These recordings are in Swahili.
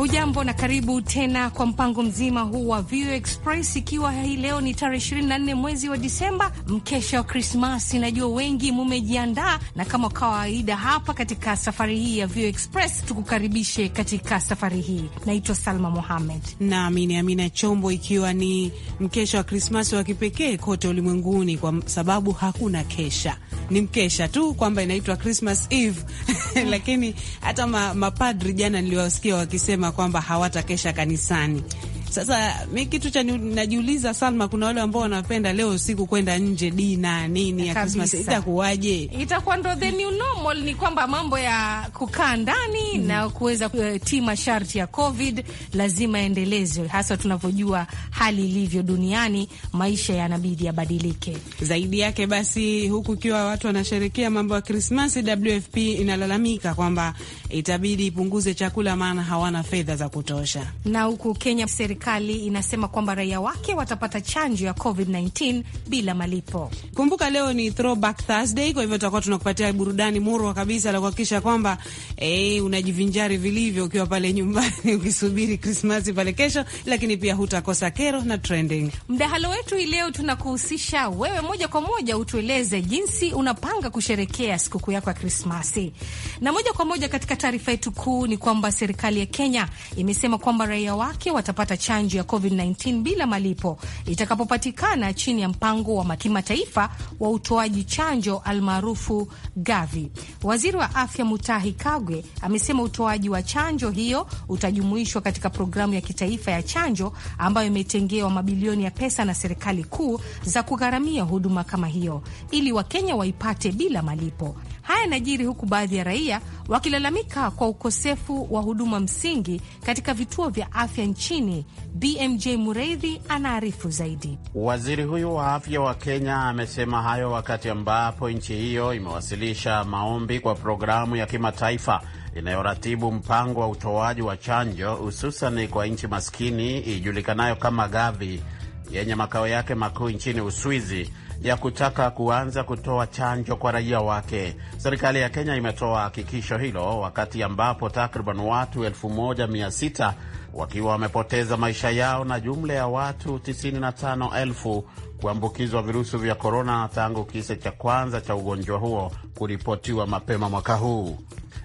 Hujambo na karibu tena kwa mpango mzima huu wa Vio Express, ikiwa hii leo ni tarehe 24 mwezi wa Disemba, mkesha wa Krismasi. Najua wengi mumejiandaa, na kama kawaida hapa katika safari hii ya vexpress Express tukukaribishe katika safari hii. Naitwa Salma Mohamed nami ni Amina Chombo, ikiwa ni mkesha wa Krismasi wa kipekee kote ulimwenguni kwa sababu hakuna kesha, ni mkesha tu kwamba inaitwa Christmas Eve lakini hata mapadri ma jana niliwasikia wakisema kwamba hawatakesha kanisani. Sasa mi kitu cha najiuliza, Salma, kuna wale ambao wanapenda leo usiku kwenda nje dina nini ya Krismas, itakuwaje? Itakuwa ndo the new normal, ni kwamba mambo ya kukaa ndani mm, na kuweza kutii eh, masharti ya COVID lazima endelezwe, hasa tunavyojua hali ilivyo duniani, maisha yanabidi yabadilike zaidi yake. Basi huku ikiwa watu wanasherekea mambo ya Krismasi, WFP inalalamika kwamba itabidi ipunguze chakula, maana hawana fedha za kutosha, na huku Kenya serikali inasema kwamba raia wake watapata chanjo ya COVID-19 bila malipo. Kumbuka leo ni Throwback Thursday, kwa hivyo tutakuwa tunakupatia burudani murwa kabisa la kuhakikisha kwamba eh, unajivinjari vilivyo ukiwa pale nyumbani ukisubiri Krismasi pale kesho, lakini pia hutakosa kero na trending. Mdahalo wetu hii leo tunakuhusisha wewe moja kwa moja utueleze jinsi unapanga kusherekea sikukuu yako ya Krismasi. Na moja kwa moja katika taarifa yetu kuu ni kwamba serikali ya Kenya imesema kwamba raia wake watapata chanjo chanjo ya COVID-19 bila malipo itakapopatikana chini ya mpango wa kimataifa wa utoaji chanjo almaarufu Gavi. Waziri wa Afya Mutahi Kagwe amesema utoaji wa chanjo hiyo utajumuishwa katika programu ya kitaifa ya chanjo ambayo imetengewa mabilioni ya pesa na serikali kuu za kugharamia huduma kama hiyo ili Wakenya waipate bila malipo. Haya yanajiri huku baadhi ya raia wakilalamika kwa ukosefu wa huduma msingi katika vituo vya afya nchini. BMJ Mureithi anaarifu zaidi. Waziri huyu wa afya wa Kenya amesema hayo wakati ambapo nchi hiyo imewasilisha maombi kwa programu ya kimataifa inayoratibu mpango wa utoaji wa chanjo hususani kwa nchi maskini ijulikanayo kama Gavi yenye makao yake makuu nchini Uswizi ya kutaka kuanza kutoa chanjo kwa raia wake. Serikali ya Kenya imetoa hakikisho hilo wakati ambapo takriban watu 1600 wakiwa wamepoteza maisha yao na jumla ya watu 95,000 kuambukizwa virusi vya korona tangu kisa cha kwanza cha ugonjwa huo kuripotiwa mapema mwaka huu.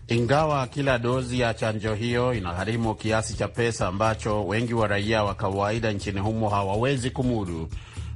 Ingawa kila dozi ya chanjo hiyo inagharimu kiasi cha pesa ambacho wengi wa raia wa kawaida nchini humo hawawezi kumudu,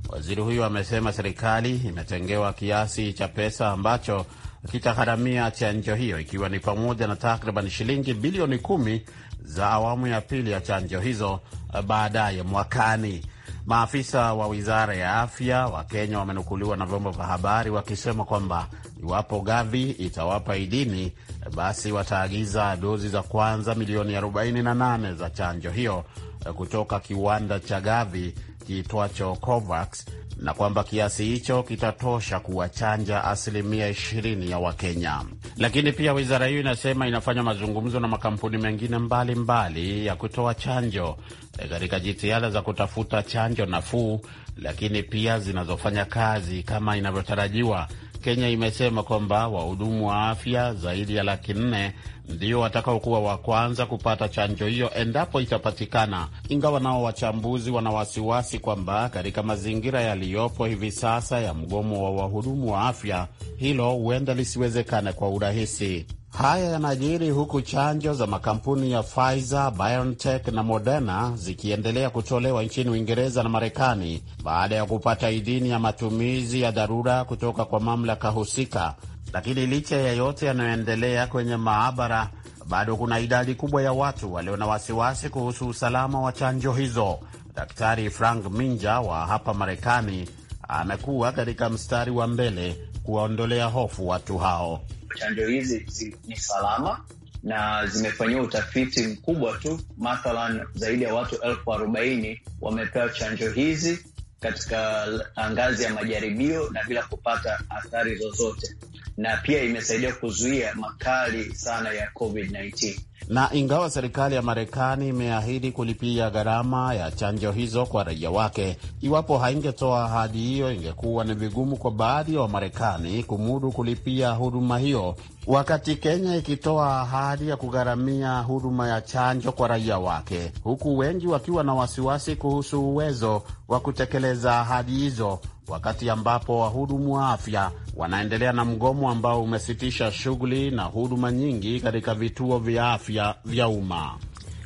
Waziri huyo amesema serikali imetengewa kiasi cha pesa ambacho kitagharamia chanjo hiyo ikiwa ni pamoja na takriban shilingi bilioni kumi za awamu ya pili ya chanjo hizo eh, baadaye mwakani. Maafisa wa wizara ya afya wa Kenya wamenukuliwa na vyombo vya habari wakisema kwamba iwapo Gavi itawapa idhini, eh, basi wataagiza dozi za kwanza milioni 48 za chanjo hiyo eh, kutoka kiwanda cha Gavi kiitwacho COVAX na kwamba kiasi hicho kitatosha kuwachanja asilimia 20 ya Wakenya. Lakini pia wizara hiyo inasema inafanya mazungumzo na makampuni mengine mbalimbali mbali ya kutoa chanjo eh, katika jitihada za kutafuta chanjo nafuu, lakini pia zinazofanya kazi kama inavyotarajiwa Kenya imesema kwamba wahudumu wa afya zaidi ya laki nne ndio watakaokuwa wa kwanza kupata chanjo hiyo endapo itapatikana, ingawa nao wachambuzi wana wasiwasi kwamba katika mazingira yaliyopo hivi sasa ya mgomo wa wahudumu wa afya hilo huenda lisiwezekane kwa urahisi. Haya yanajiri huku chanjo za makampuni ya Pfizer, BioNTech na Moderna zikiendelea kutolewa nchini Uingereza na Marekani baada ya kupata idhini ya matumizi ya dharura kutoka kwa mamlaka husika. Lakini licha ya yote yanayoendelea kwenye maabara, bado kuna idadi kubwa ya watu walio na wasiwasi kuhusu usalama wa chanjo hizo. Daktari Frank Minja wa hapa Marekani amekuwa katika mstari wa mbele kuwaondolea hofu watu hao chanjo hizi ni salama na zimefanyiwa utafiti mkubwa tu. Mathalan, zaidi ya watu elfu arobaini wamepewa chanjo hizi katika ngazi ya majaribio na bila kupata athari zozote na pia imesaidia kuzuia makali sana ya COVID-19. Na ingawa serikali ya Marekani imeahidi kulipia gharama ya chanjo hizo kwa raia wake, iwapo haingetoa ahadi hiyo, ingekuwa ni vigumu kwa baadhi ya Wamarekani kumudu kulipia huduma hiyo, wakati Kenya ikitoa ahadi ya kugharamia huduma ya chanjo kwa raia wake, huku wengi wakiwa na wasiwasi kuhusu uwezo wa kutekeleza ahadi hizo wakati ambapo wahudumu wa afya wanaendelea na mgomo ambao umesitisha shughuli na huduma nyingi katika vituo vya afya vya umma.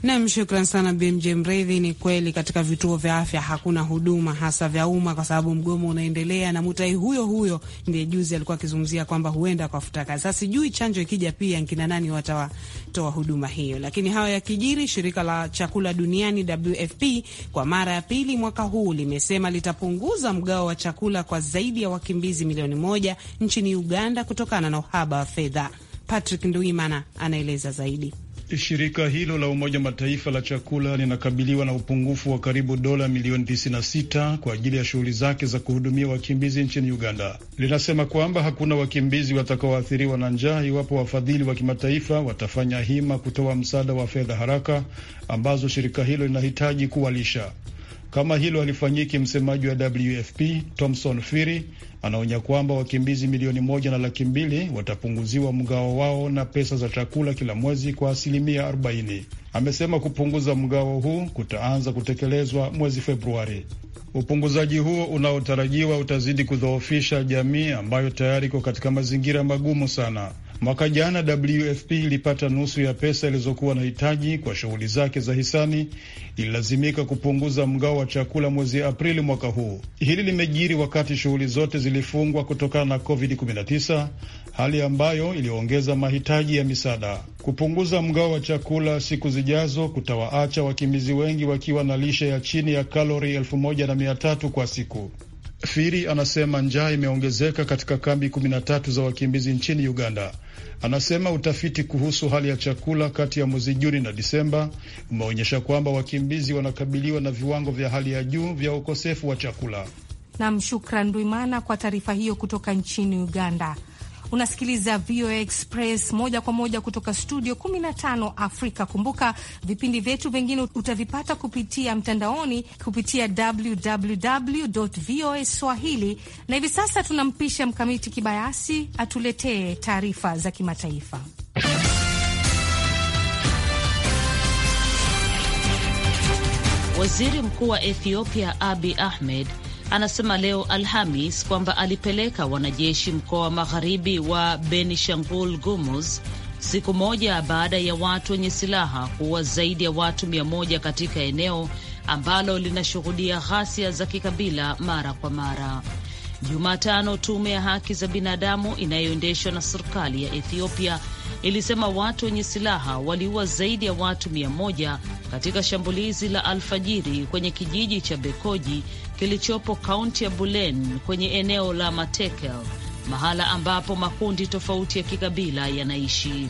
Nam, shukran sana BMJ Mredhi. Ni kweli katika vituo vya afya hakuna huduma hasa vya umma, kwa sababu mgomo unaendelea, na Mutai huyo huyo ndiye juzi alikuwa akizungumzia kwamba huenda akafuta kazi. Sasa sijui chanjo ikija pia nkina nani watawatoa huduma hiyo, lakini hawa ya kijiri. Shirika la chakula duniani WFP kwa mara ya pili mwaka huu limesema litapunguza mgao wa chakula kwa zaidi ya wakimbizi milioni moja nchini Uganda kutokana na uhaba wa fedha. Patrick Nduimana anaeleza zaidi. Shirika hilo la Umoja Mataifa la chakula linakabiliwa na upungufu wa karibu dola milioni 96 kwa ajili ya shughuli zake za kuhudumia wakimbizi nchini Uganda. Linasema kwamba hakuna wakimbizi watakaoathiriwa na njaa iwapo wafadhili wa kimataifa watafanya hima kutoa msaada wa fedha haraka ambazo shirika hilo linahitaji kuwalisha. Kama hilo halifanyiki, msemaji wa WFP Thomson Firi anaonya kwamba wakimbizi milioni moja na laki mbili watapunguziwa mgao wao na pesa za chakula kila mwezi kwa asilimia 40. Amesema kupunguza mgao huu kutaanza kutekelezwa mwezi Februari. Upunguzaji huo unaotarajiwa utazidi kudhoofisha jamii ambayo tayari iko katika mazingira magumu sana. Mwaka jana WFP ilipata nusu ya pesa ilizokuwa na hitaji kwa shughuli zake za hisani, ililazimika kupunguza mgao wa chakula mwezi Aprili mwaka huu. Hili limejiri wakati shughuli zote zilifungwa kutokana na COVID-19, hali ambayo iliongeza mahitaji ya misaada. Kupunguza mgao wa chakula siku zijazo kutawaacha wakimbizi wengi wakiwa na lishe ya chini ya kalori 13 kwa siku. Firi anasema njaa imeongezeka katika kambi 13 za wakimbizi nchini Uganda. Anasema utafiti kuhusu hali ya chakula kati ya mwezi Juni na Disemba umeonyesha kwamba wakimbizi wanakabiliwa na viwango vya hali ya juu vya ukosefu wa chakula. Nam, shukran Ndwimana kwa taarifa hiyo kutoka nchini Uganda. Unasikiliza VOA Express moja kwa moja kutoka studio 15 Afrika. Kumbuka vipindi vyetu vingine utavipata kupitia mtandaoni kupitia www voa swahili, na hivi sasa tunampisha Mkamiti Kibayasi atuletee taarifa za kimataifa. Waziri Mkuu wa Ethiopia Abi Ahmed anasema leo Alhamis kwamba alipeleka wanajeshi mkoa wa magharibi wa Benishangul Gumuz siku moja baada ya watu wenye silaha kuua zaidi ya watu mia moja katika eneo ambalo linashuhudia ghasia za kikabila mara kwa mara. Jumatano, tume ya haki za binadamu inayoendeshwa na serikali ya Ethiopia ilisema watu wenye silaha waliua zaidi ya watu mia moja katika shambulizi la alfajiri kwenye kijiji cha Bekoji kilichopo kaunti ya Bulen kwenye eneo la Matekel, mahala ambapo makundi tofauti ya kikabila yanaishi.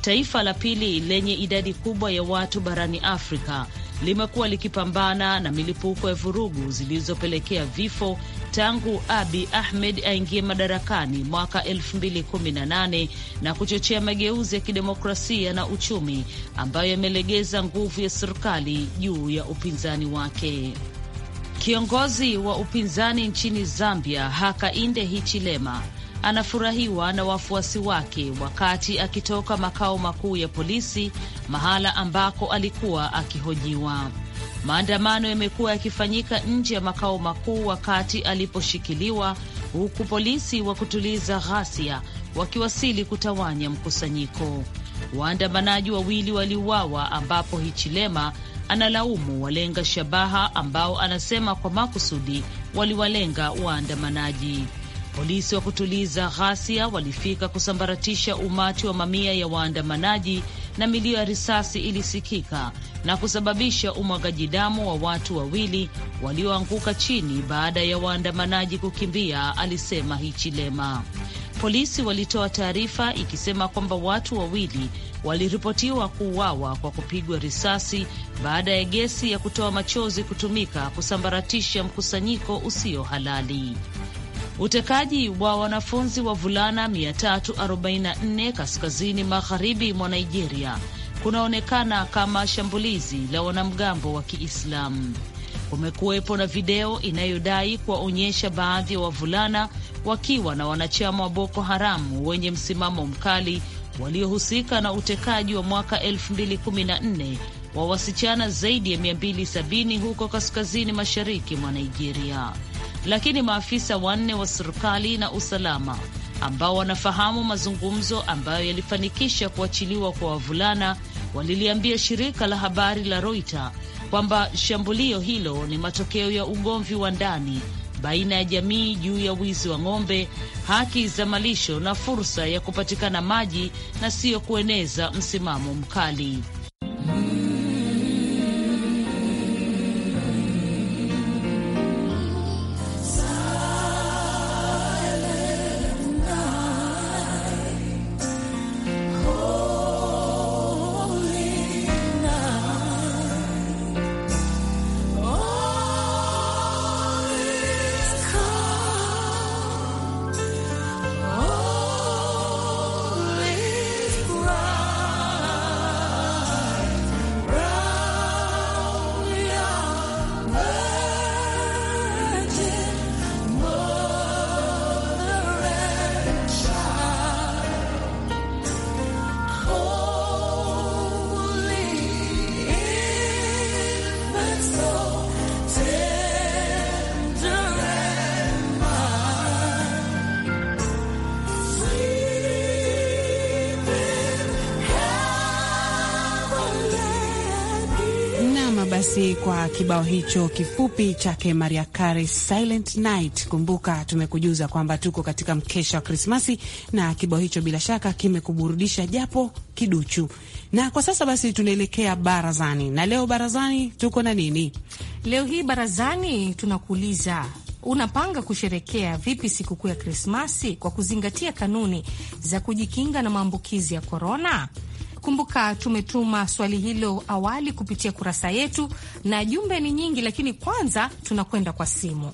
Taifa la pili lenye idadi kubwa ya watu barani Afrika limekuwa likipambana na milipuko ya vurugu zilizopelekea vifo tangu Abi Ahmed aingie madarakani mwaka 2018 na kuchochea mageuzi ya kidemokrasia na uchumi ambayo yamelegeza nguvu ya serikali juu ya upinzani wake. Kiongozi wa upinzani nchini Zambia Hakainde Hichilema anafurahiwa na wafuasi wake wakati akitoka makao makuu ya polisi, mahala ambako alikuwa akihojiwa. Maandamano yamekuwa yakifanyika nje ya makao makuu wakati aliposhikiliwa, huku polisi wa kutuliza ghasia wakiwasili kutawanya mkusanyiko. Waandamanaji wawili waliuawa, ambapo Hichilema analaumu walenga shabaha ambao anasema kwa makusudi waliwalenga waandamanaji. Polisi wa kutuliza ghasia walifika kusambaratisha umati wa mamia ya waandamanaji na milio ya risasi ilisikika na kusababisha umwagaji damu wa watu wawili walioanguka chini baada ya waandamanaji kukimbia, alisema Hichilema. Polisi walitoa taarifa ikisema kwamba watu wawili waliripotiwa kuuawa kwa kupigwa risasi baada ya gesi ya kutoa machozi kutumika kusambaratisha mkusanyiko usio halali. Utekaji wa wanafunzi wa vulana 344 kaskazini magharibi mwa Nigeria kunaonekana kama shambulizi la wanamgambo wa Kiislamu. Kumekuwepo na video inayodai kuwaonyesha baadhi ya wa wavulana wakiwa na wanachama wa Boko Haramu wenye msimamo mkali waliohusika na utekaji wa mwaka 2014 wa wasichana zaidi ya 270 huko kaskazini mashariki mwa Nigeria. Lakini maafisa wanne wa serikali na usalama ambao wanafahamu mazungumzo ambayo yalifanikisha kuachiliwa kwa wavulana waliliambia shirika la habari la Reuters kwamba shambulio hilo ni matokeo ya ugomvi wa ndani baina ya jamii juu ya wizi wa ng'ombe, haki za malisho na fursa ya kupatikana maji na siyo kueneza msimamo mkali. basi kwa kibao hicho kifupi chake Maria Carey, Silent Night. Kumbuka tumekujuza kwamba tuko katika mkesha wa Krismasi na kibao hicho bila shaka kimekuburudisha japo kiduchu. Na kwa sasa basi tunaelekea barazani, na leo barazani tuko na nini? Leo hii barazani tunakuuliza unapanga kusherekea vipi sikukuu ya Krismasi kwa kuzingatia kanuni za kujikinga na maambukizi ya korona? Kumbuka tumetuma swali hilo awali kupitia kurasa yetu, na jumbe ni nyingi, lakini kwanza tunakwenda kwa simu.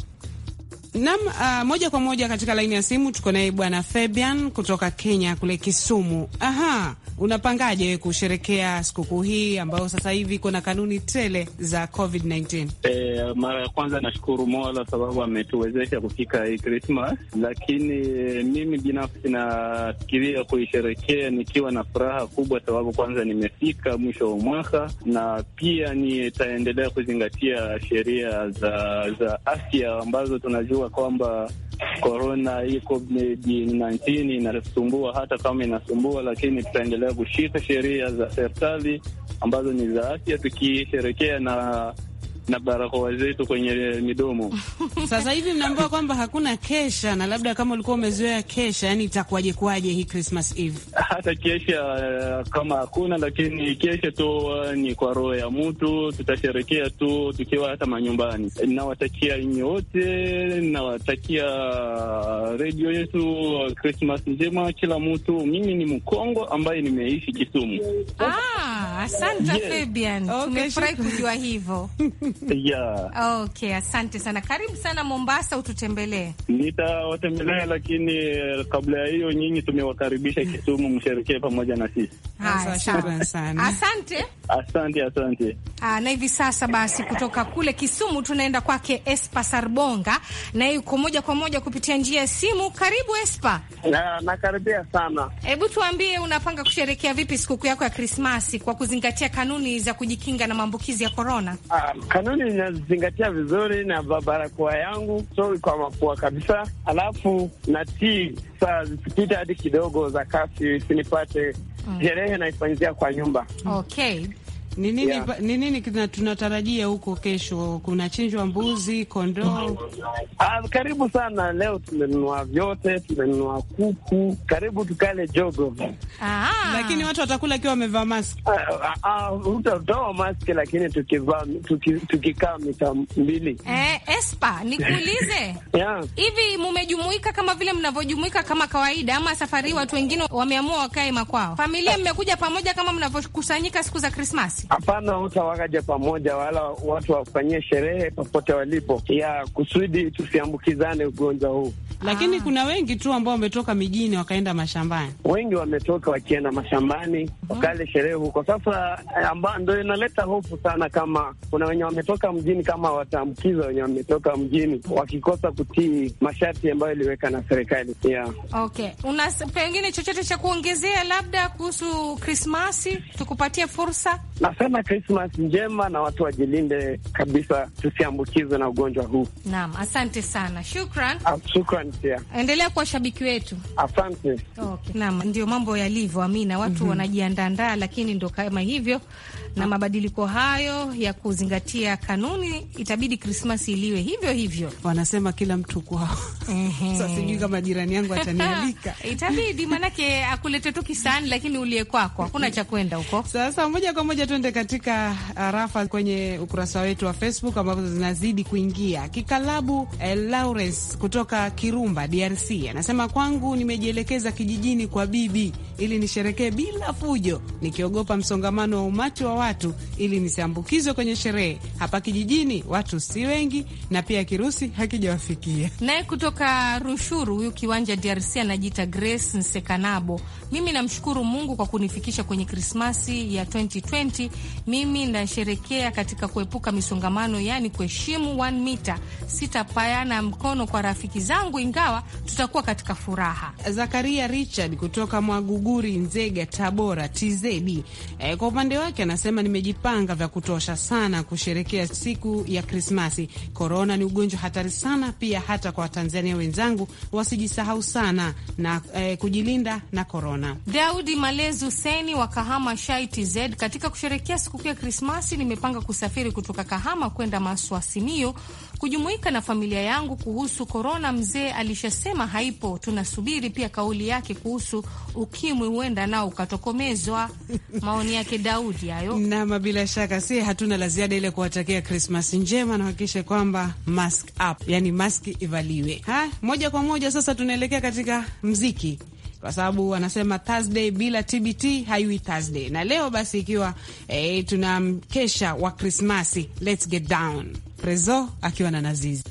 Nam uh, moja kwa moja katika laini ya simu tuko naye Bwana Fabian kutoka Kenya kule Kisumu. Aha, Unapangaje kusherekea sikukuu hii ambayo sasa hivi kuna kanuni tele za COVID-19? E, eh, mara ya kwanza nashukuru Mola sababu ametuwezesha kufika hii Christmas, lakini eh, mimi binafsi nafikiria kuisherekea nikiwa na furaha kubwa, sababu kwanza nimefika mwisho wa mwaka na pia nitaendelea kuzingatia sheria za, za afya ambazo tunajua kwamba korona hii COVID-19 inasumbua, hata kama inasumbua, lakini tutaendelea kushika sheria za serikali ambazo ni za afya, tukisherekea na na barakoa zetu kwenye midomo. Sasa hivi mnaambiwa kwamba hakuna kesha, na labda kama ulikuwa umezoea kesha, yani itakuwaje kwaje hii Christmas Eve? Hata kesha kama hakuna, lakini kesha tu uh, ni kwa roho ya mtu, tutasherekea tu tukiwa hata manyumbani. Nawatakia wote nawatakia uh, redio yetu uh, Christmas njema kila mtu. Mimi ni Mkongo ambaye nimeishi Kisumu. Ah, asante Fabian, tumefurahi kujua hivyo yeah. Okay, asante sana, karibu sana Mombasa, ututembelee. Nitawatembelea, lakini eh, kabla ya hiyo, nyinyi tumewakaribisha Kisumu, msherekee pamoja na sisi. Asante asante, asante, Aa, ah, na hivi sasa basi kutoka kule Kisumu tunaenda kwake Espa Sarbonga, na yuko moja kwa moja kupitia njia ya simu. Karibu Espa. Na nakaribia sana. Hebu tuambie unapanga kusherekea vipi sikukuu yako ya Krismasi kwa kuzingatia kanuni za kujikinga na maambukizi ya korona? Ah, kanuni ninazingatia vizuri na barakoa yangu, sori kwa mapua kabisa, alafu natii saa zikipita hadi kidogo za kasi, sherehe Mm. Sherehe naifanyizia kwa nyumba. Okay, ni nini yeah. Ni nini tunatarajia huko kesho? Kunachinjwa mbuzi, kondoo? Ah, karibu sana. Leo tumenunua vyote, tumenunua kuku, karibu tukale jogo. Aha. Lakini watu watakula akiwa wamevaa maski, ah, ah, ah, utatoa mask lakini tukivaa tukikaa mita mbili. Eh, Espa, nikuulize yeah. Hivi mumejumuika kama vile mnavyojumuika kama kawaida ama safari watu wengine wameamua wakae makwao? Familia mmekuja pamoja kama mnavyokusanyika siku za Krismasi? Hapana, hutawakaja pamoja wala watu wafanyie sherehe popote walipo, ya kusudi tusiambukizane ugonjwa huu lakini ah, kuna wengi tu ambao wametoka mijini wakaenda mashambani, wengi wametoka wakienda mashambani uh -huh. wakale sherehe huko. Sasa eh, amba, ndo inaleta hofu sana, kama kuna wenye wametoka mjini, kama wataambukiza wenye wametoka mjini wakikosa kutii masharti ambayo iliweka na serikali yeah. Okay, una pengine chochote cha kuongezea labda kuhusu Krismasi? Tukupatie fursa. Nasema krismas njema na watu wajilinde kabisa, tusiambukizwe na ugonjwa huu. Naam, asante sana, shukran, ah, shukran. Asante, endelea kuwa shabiki wetu. Asante. Okay. Naam, ndio mambo yalivyo, Amina. Watu mm -hmm. wanajiandaandaa, lakini ndo kama hivyo na mabadiliko hayo ya kuzingatia kanuni, itabidi Krismasi iliwe hivyo hivyo. Wanasema kila mtu kwao. Sasa sijui kama jirani yangu atanialika itabidi, manake akulete tu kisani, lakini ulie kwako, hakuna cha kwenda huko. Sasa moja kwa moja tuende katika uh, rafa kwenye ukurasa wetu wa Facebook ambazo zinazidi kuingia kikalabu. Eh, Lawrence kutoka Kirumba DRC anasema kwangu, nimejielekeza kijijini kwa bibi ili nisherekee bila fujo, nikiogopa msongamano wa umati wa watu ili nisiambukizwe kwenye sherehe. Hapa kijijini watu si wengi, na pia kirusi hakijawafikia. Naye kutoka Rushuru, huyu kiwanja DRC, anajiita Grace Nsekanabo. Mimi namshukuru Mungu kwa kunifikisha kwenye Krismasi ya 2020. Mimi nasherekea katika kuepuka misongamano, yaani kuheshimu one mita. Sitapayana mkono kwa rafiki zangu, ingawa tutakuwa katika furaha. Zakaria Richard kutoka Mwaguguri, Nzega, Tabora, TZD, e, eh, kwa upande wake anasema anasema nimejipanga vya kutosha sana kusherekea siku ya Krismasi. Korona ni ugonjwa hatari sana pia, hata kwa Watanzania wenzangu wasijisahau sana na eh, kujilinda na korona. Daudi malezu seni wa Kahama Shaiti katika kusherekea sikukuu ya Krismasi nimepanga kusafiri kutoka Kahama kwenda Maswa Simiyu kujumuika na familia yangu kuhusu korona. Mzee alishasema haipo, tunasubiri pia kauli yake kuhusu ukimwi, huenda nao ukatokomezwa. Maoni yake Daudi hayo nama. Bila shaka si hatuna la ziada ile kuwatakia Krismas njema, nahakikishe kwamba mask up, yani maski ivaliwe. Ha, moja kwa moja sasa tunaelekea katika mziki kwa sababu wanasema Thursday bila TBT haiwi Thursday, na leo basi ikiwa eh, mkesha wa Krismasi, let's get down Prezo akiwa na Nazizi.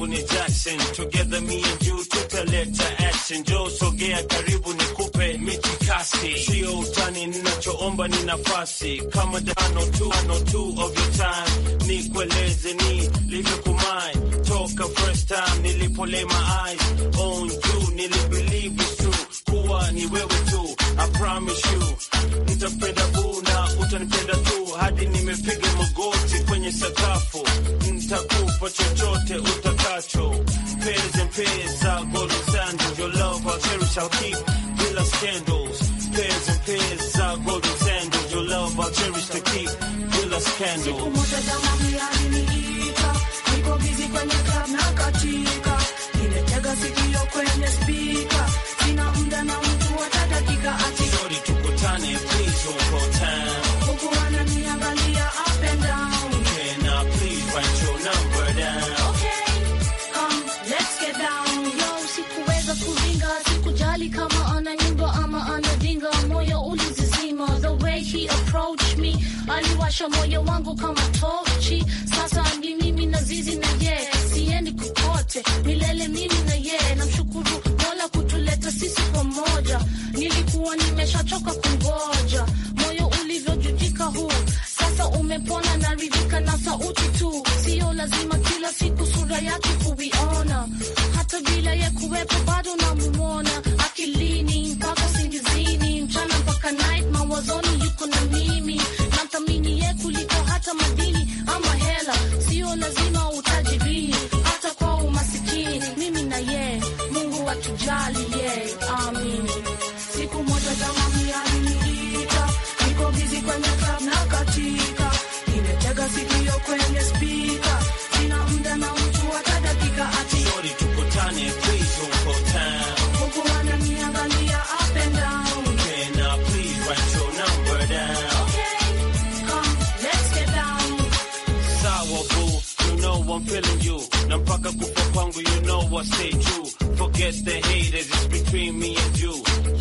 yangu ni Jackson, together me and you tutaleta action. Jo, sogea karibu nikupe michikasi, sio utani, ninachoomba ni nafasi kama dano tu, ano tu of your time, ni kueleze ni livyokumai toka first time nilipolema eyes on you, nilibelieve it's true kuwa ni wewe tu I promise you nitampenda boo na utanipenda tu hadi nimepiga magoti kwenye sakafu, nitakupa chochote utakacho, pairs pesa, golden sandals, your love I'll cherish, I'll keep bila scandals, pairs pesa, golden sandals, your love I'll cherish to keep bila scandals yangu kama tochi. Sasa ni mimi na zizi na ye, siendi kukote milele mimi na ye, namshukuru Mola kutuleta sisi pamoja. Nilikuwa nimeshachoka kungoja, moyo ulivyojujika huu sasa umepona, naridhika na sauti tu, sio lazima kila siku sura yake kuiona, hata bila ye kuwepo I stay true. Forget the haters, it's between me and you.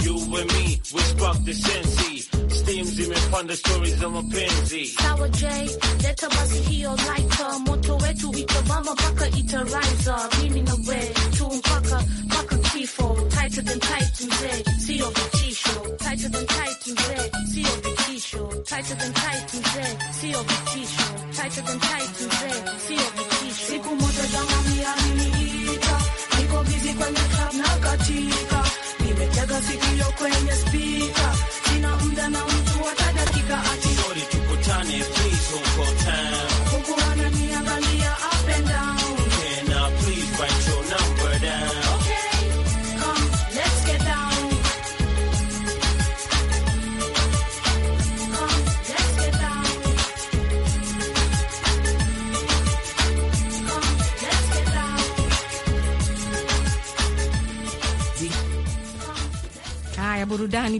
You and me, we spark the sensi. Steams him and the stories of mapenzi. Sawa J, let leta basi hiyo laika. Moto wetu itavama mpaka itariza. Mimi na we, tumpaka mpaka kifo. Tighter than tight mzee, sio vitisho. Tighter than tight mzee, sio vitisho. Tighter than tight mzee, sio vitisho. Tighter than tight mzee, sio vitisho. Siku moja jamani, amini hii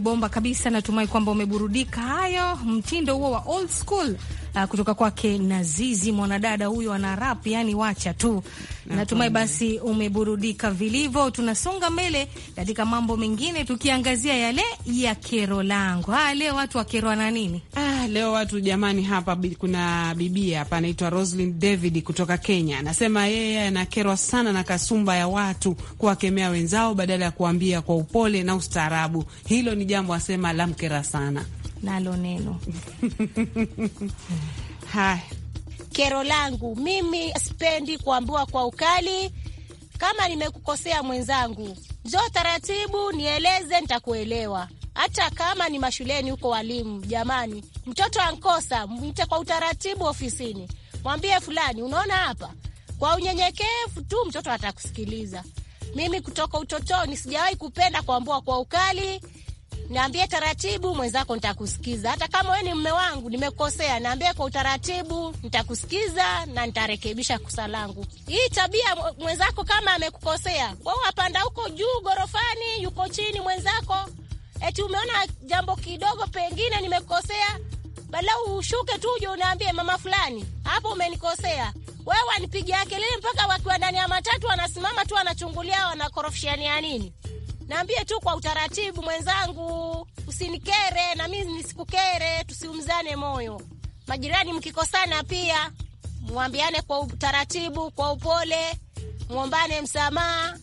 ni bomba kabisa. Natumai kwamba umeburudika. Hayo mtindo huo wa old school uh, kutoka kwake Nazizi. Mwanadada huyo ana rap, yani wacha tu. Natumai basi umeburudika vilivyo. Tunasonga mbele katika mambo mengine, tukiangazia yale ya kero langu. Ah, leo watu wakerwa na nini? Ah, leo watu jamani, hapa kuna bibia hapa anaitwa Roslyn David kutoka Kenya, anasema yeye anakerwa sana na kasumba ya watu kuwakemea wenzao badala ya kuambia kwa upole na ustaarabu. Hilo ni jambo asema lamkera sana nalo neno haya. Kero langu mimi, sipendi kuambiwa kwa ukali. Kama nimekukosea mwenzangu, njoo taratibu, nieleze, nitakuelewa. Hata kama ni mashuleni huko, walimu jamani, mtoto ankosa, mwite kwa utaratibu ofisini, mwambie fulani, unaona hapa. Kwa unyenyekevu tu, mtoto atakusikiliza. Mimi kutoka utotoni sijawahi kupenda kuambiwa kwa ukali niambie taratibu, mwenzako nitakusikiza. Hata kama wewe ni mme wangu, nimekosea, niambie kwa utaratibu, nitakusikiza na nitarekebisha kosa langu. Hii tabia mwenzako kama amekukosea wewe, apanda huko juu gorofani, yuko chini mwenzako, eti umeona jambo kidogo, pengine nimekosea, badala ushuke tu uje uniambie mama fulani, hapo umenikosea wewe. Wanipigia kelele mpaka wakiwa ndani ya matatu, wanasimama tu wanachungulia, wanakorofishania nini? Naambie tu kwa utaratibu mwenzangu, usinikere na mimi nisikukere, tusiumzane moyo. Majirani mkikosana pia mwambiane kwa utaratibu, kwa upole, mwombane msamaha.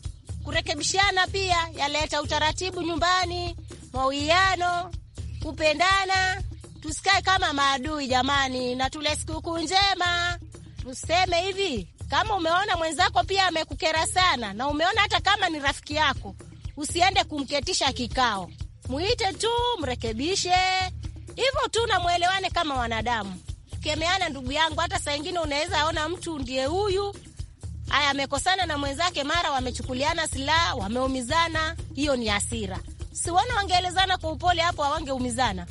Kurekebishana pia yaleta utaratibu nyumbani, mawiano, kupendana. Tusikae kama maadui jamani, na tule sikukuu njema. Tuseme hivi, kama umeona mwenzako pia amekukera sana, na umeona hata kama ni rafiki yako usiende kumketisha kikao, mwite tu mrekebishe, hivyo tu namwelewane kama wanadamu. Kemeana ndugu yangu, hata saa ingine unaweza ona mtu ndiye huyu aya amekosana na mwenzake, mara wamechukuliana silaha, wameumizana. Hiyo ni hasira. Siwona wangeelezana kwa upole hapo, awangeumizana.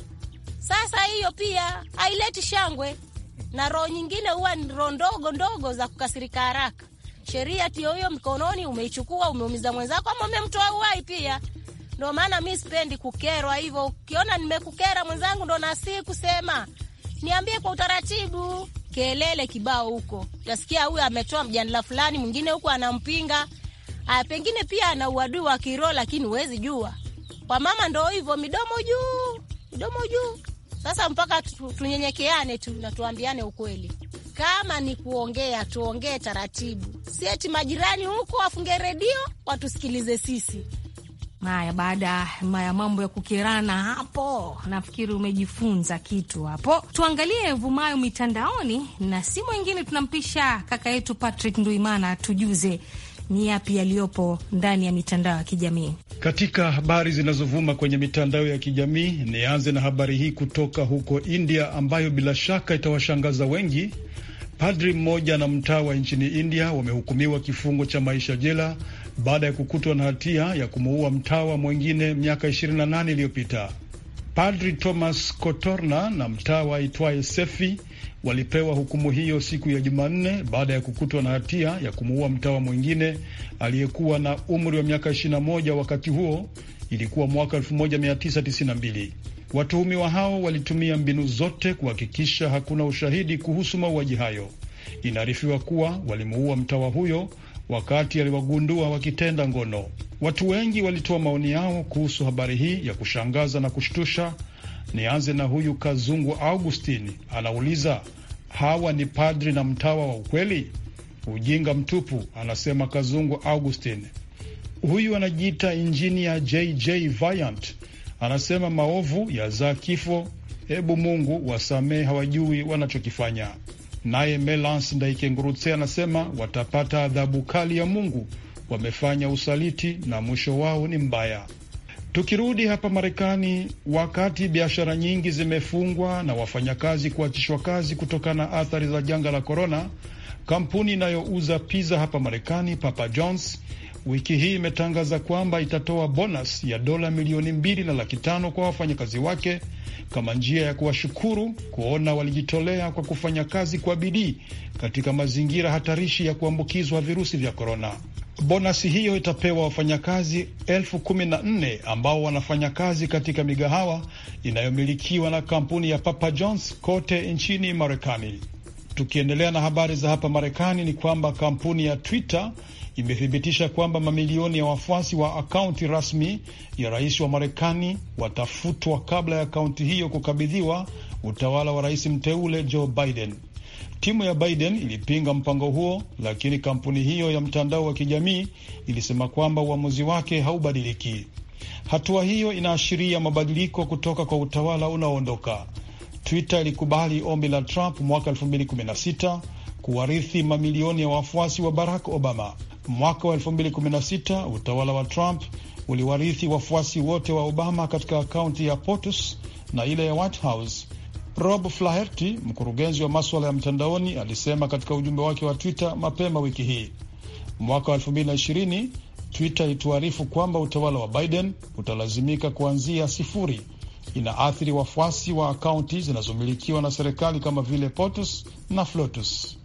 Sasa hiyo pia haileti shangwe, na roho nyingine huwa ni roho ndogo ndogo za kukasirika haraka sheria tio hiyo mkononi, umeichukua umeumiza mwenzako, ama umemtoa uhai pia. Ndo maana mi sipendi kukerwa hivyo. Ukiona nimekukera mwenzangu, ndo nasi kusema niambie kwa utaratibu. Kelele kibao huko, nasikia huyu ametoa mjadala fulani, mwingine huku anampinga. Aya, pengine pia ana uadui wa kiroho, lakini huwezi jua. Kwa mama ndo hivyo, midomo juu, midomo juu. Sasa mpaka tunyenyekeane tu na tuambiane ukweli. Kama ni kuongea, tuongee taratibu, si eti majirani huko wafunge redio watusikilize sisi. Haya, baada ya mambo ya kukerana hapo, nafikiri umejifunza kitu hapo. Tuangalie vumayo mitandaoni, na si mwingine tunampisha kaka yetu Patrick Nduimana tujuze ni yapi yaliyopo ndani ya mitandao ya kijamii. Katika habari zinazovuma kwenye mitandao ya kijamii, nianze na habari hii kutoka huko India ambayo bila shaka itawashangaza wengi. Padri mmoja na mtawa nchini India wamehukumiwa kifungo cha maisha jela baada ya kukutwa na hatia ya kumuua mtawa mwingine miaka 28 iliyopita. Padri Thomas Kotorna na mtawa aitwaye Sefi walipewa hukumu hiyo siku ya Jumanne baada ya kukutwa na hatia ya kumuua mtawa mwingine aliyekuwa na umri wa miaka 21 wakati huo, ilikuwa mwaka 1992. Watuhumiwa hao walitumia mbinu zote kuhakikisha hakuna ushahidi kuhusu mauaji hayo. Inaarifiwa kuwa walimuua mtawa huyo wakati aliwagundua wakitenda ngono. Watu wengi walitoa maoni yao kuhusu habari hii ya kushangaza na kushtusha. Nianze na huyu Kazungu Augustini, anauliza hawa ni padri na mtawa wa ukweli? Ujinga mtupu, anasema Kazungu Augustini. Huyu anajiita injinia JJ Viant Anasema maovu ya zaa kifo, hebu Mungu wasamehe, hawajui wanachokifanya. Naye Melans Ndaikengurutse anasema watapata adhabu kali ya Mungu, wamefanya usaliti na mwisho wao ni mbaya. Tukirudi hapa Marekani, wakati biashara nyingi zimefungwa na wafanyakazi kuachishwa kazi kutokana na athari za janga la korona, kampuni inayouza pizza hapa Marekani, Papa John's wiki hii imetangaza kwamba itatoa bonus ya dola milioni mbili na laki tano kwa wafanyakazi wake kama njia ya kuwashukuru kuona walijitolea kwa kufanya kazi kwa bidii katika mazingira hatarishi ya kuambukizwa virusi vya korona. Bonasi hiyo itapewa wafanyakazi elfu kumi na nne ambao wanafanya kazi katika migahawa inayomilikiwa na kampuni ya Papa John's kote nchini Marekani. Tukiendelea na habari za hapa Marekani ni kwamba kampuni ya Twitter imethibitisha kwamba mamilioni ya wafuasi wa akaunti rasmi ya rais wa Marekani watafutwa kabla ya akaunti hiyo kukabidhiwa utawala wa rais mteule Joe Biden. Timu ya Biden ilipinga mpango huo, lakini kampuni hiyo ya mtandao wa kijamii ilisema kwamba uamuzi wake haubadiliki. Hatua hiyo inaashiria mabadiliko kutoka kwa utawala unaoondoka. Twitter ilikubali ombi la Trump mwaka 2016 kuwarithi mamilioni ya wafuasi wa Barack Obama. Mwaka wa 2016 utawala wa Trump uliwarithi wafuasi wote wa Obama katika akaunti ya POTUS na ile ya White House. Rob Flaherty, mkurugenzi wa maswala ya mtandaoni, alisema katika ujumbe wake wa Twitter mapema wiki hii, mwaka wa 2020 Twitter ilituarifu kwamba utawala wa Biden utalazimika kuanzia sifuri inaathiri wafuasi wa akaunti zinazomilikiwa na serikali kama vile POTUS na FLOTUS.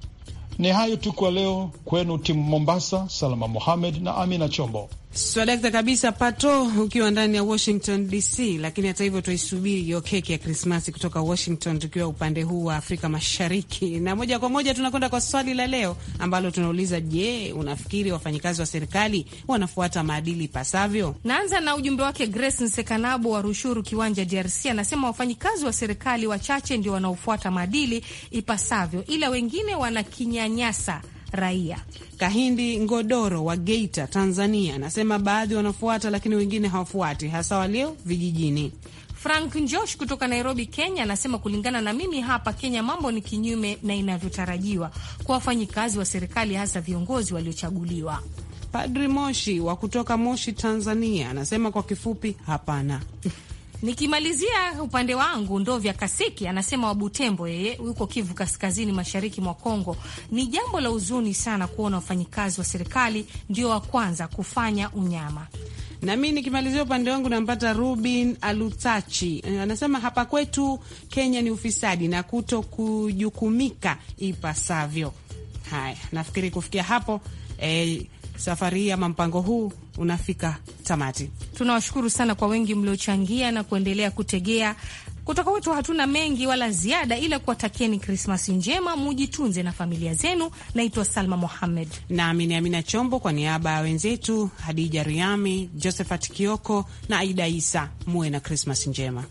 Ni hayo tu kwa leo. Kwenu timu Mombasa, Salama Mohamed na Amina Chombo. Swadakta kabisa pato ukiwa ndani ya Washington DC. Lakini hata hivyo, tuisubiri hiyo keki ya Krismasi kutoka Washington tukiwa upande huu wa Afrika Mashariki. Na moja kwa moja tunakwenda kwa swali la leo ambalo tunauliza, je, unafikiri wafanyikazi wa serikali wanafuata maadili ipasavyo Naanza na ujumbe wake Grace Nsekanabo wa Rushuru Kiwanja, DRC. Anasema wafanyikazi wa serikali wachache ndio wanaofuata maadili ipasavyo, ila wengine wanakinyanyasa raia. Kahindi Ngodoro wa Geita, Tanzania, anasema baadhi wanafuata, lakini wengine hawafuati, hasa walio vijijini. Frank josh kutoka Nairobi, Kenya anasema kulingana na mimi, hapa Kenya mambo ni kinyume na inavyotarajiwa kwa wafanyikazi wa serikali, hasa viongozi waliochaguliwa. Padri Moshi wa kutoka Moshi, Tanzania, anasema kwa kifupi, hapana. Nikimalizia upande wangu, ndo vya Kasiki anasema Wabutembo, yeye yuko Kivu Kaskazini, mashariki mwa Kongo. Ni jambo la huzuni sana kuona wafanyikazi wa serikali ndio wa kwanza kufanya unyama. Nami nikimalizia upande wangu nampata Rubin Alutachi, eh, anasema hapa kwetu Kenya ni ufisadi na kuto kujukumika ipasavyo. Haya, nafikiri kufikia hapo eh, safari hii ama mpango huu unafika tamati. Tunawashukuru sana kwa wengi mliochangia na kuendelea kutegea kutoka wetu. Hatuna mengi wala ziada, ila kuwatakieni Krismasi njema, mujitunze na familia zenu. Naitwa Salma Mohamed nami ni Amina Chombo, kwa niaba ya wenzetu Hadija Riami, Josephat Kioko na Aida Isa, muwe na Krismasi njema.